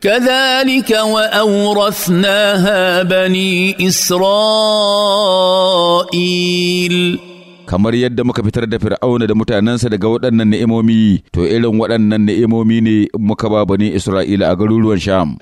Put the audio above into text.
كذلك وأورثناها بني إسرائيل kamar yadda muka fitar da fir'auna da mutanensa daga waɗannan ni'imomi to irin waɗannan ni'imomi ne muka ba bani isra'ila a garuruwan sham